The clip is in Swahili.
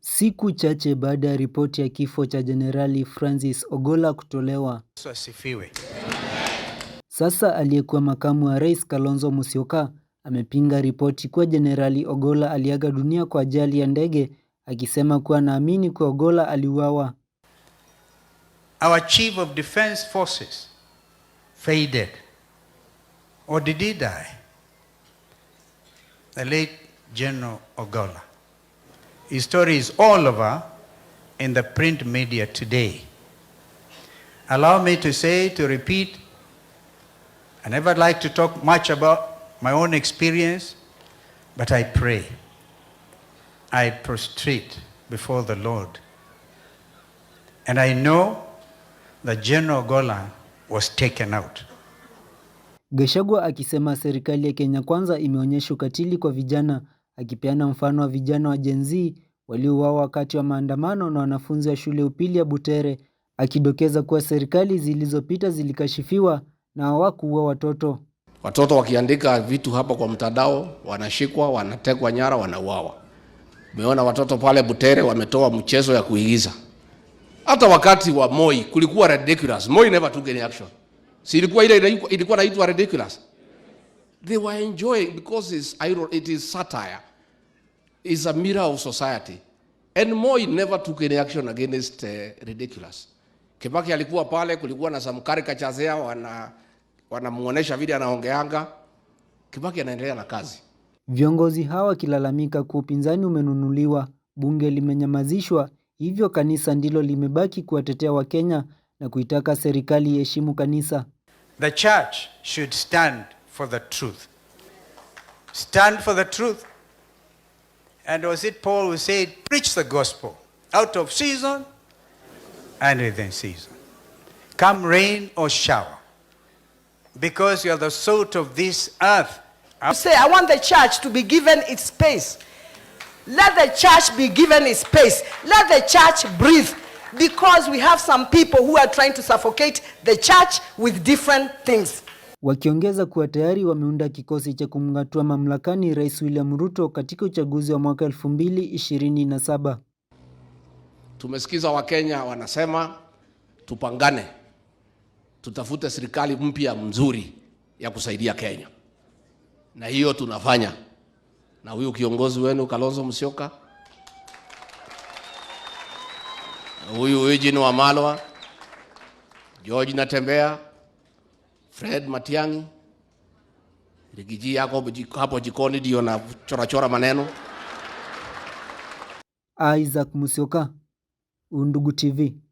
Siku chache baada ya ripoti ya kifo cha Jenerali Francis Ogola kutolewa. Sasa aliyekuwa makamu wa rais Kalonzo Musyoka amepinga ripoti kuwa Jenerali Ogola aliaga dunia kwa ajali ya ndege akisema kuwa anaamini kuwa Ogola aliuawa. Our chief of defense forces faded or did he die? The late General Ogola. His story is all over in the print media today. Allow me to say, to repeat, I never like to talk much about my own experience, but I pray. I prostrate before the Lord. And I know that General Gola was taken out. Gashagwa akisema serikali ya Kenya Kwanza imeonyesha ukatili kwa vijana, akipeana mfano wa vijana wa Gen Z waliouawa wakati wa maandamano na wanafunzi wa shule ya upili ya Butere, akidokeza kuwa serikali zilizopita zilikashifiwa na hawakuua watoto. Watoto wakiandika vitu hapa kwa mtandao wanashikwa, wanatekwa nyara, wanauawa. Umeona watoto pale Butere wametoa mchezo ya kuigiza. Hata wakati wa Moi kulikuwa ridiculous. Moi never took any action. Si ilikuwa ile ilikuwa inaitwa ridiculous. They were enjoying because it's, it is satire is a mirror of society. And Moi never took any action against uh, ridiculous. Kibaki alikuwa pale, kulikuwa na some caricatures there, wana wanamuonesha vile anaongeanga. Kibaki anaendelea na kazi. Viongozi hawa wakilalamika kuwa upinzani umenunuliwa, bunge limenyamazishwa, hivyo kanisa ndilo limebaki kuwatetea Wakenya na kuitaka serikali iheshimu kanisa. The church should stand for the truth. Stand for the truth. And was it Paul who said, Preach the gospel out of season and within season? Come rain or shower, because you are the salt of this earth. You say, I want the church to be given its space. Let the church be given its space. Let the church breathe. Because we have some people who are trying to suffocate the church with different things. wakiongeza kuwa tayari wameunda kikosi cha kumng'atua mamlakani Rais William Ruto katika uchaguzi wa mwaka 2027. Tumesikiza Wakenya wanasema tupangane, tutafute serikali mpya mzuri ya kusaidia Kenya, na hiyo tunafanya na huyu kiongozi wenu Kalonzo Musyoka, huyu Eugene Wamalwa, George Natembea Fred Matiangi, Rigiji yako hapo jikoni ndio na chorachora maneno. Isaac Musioka, Undugu TV.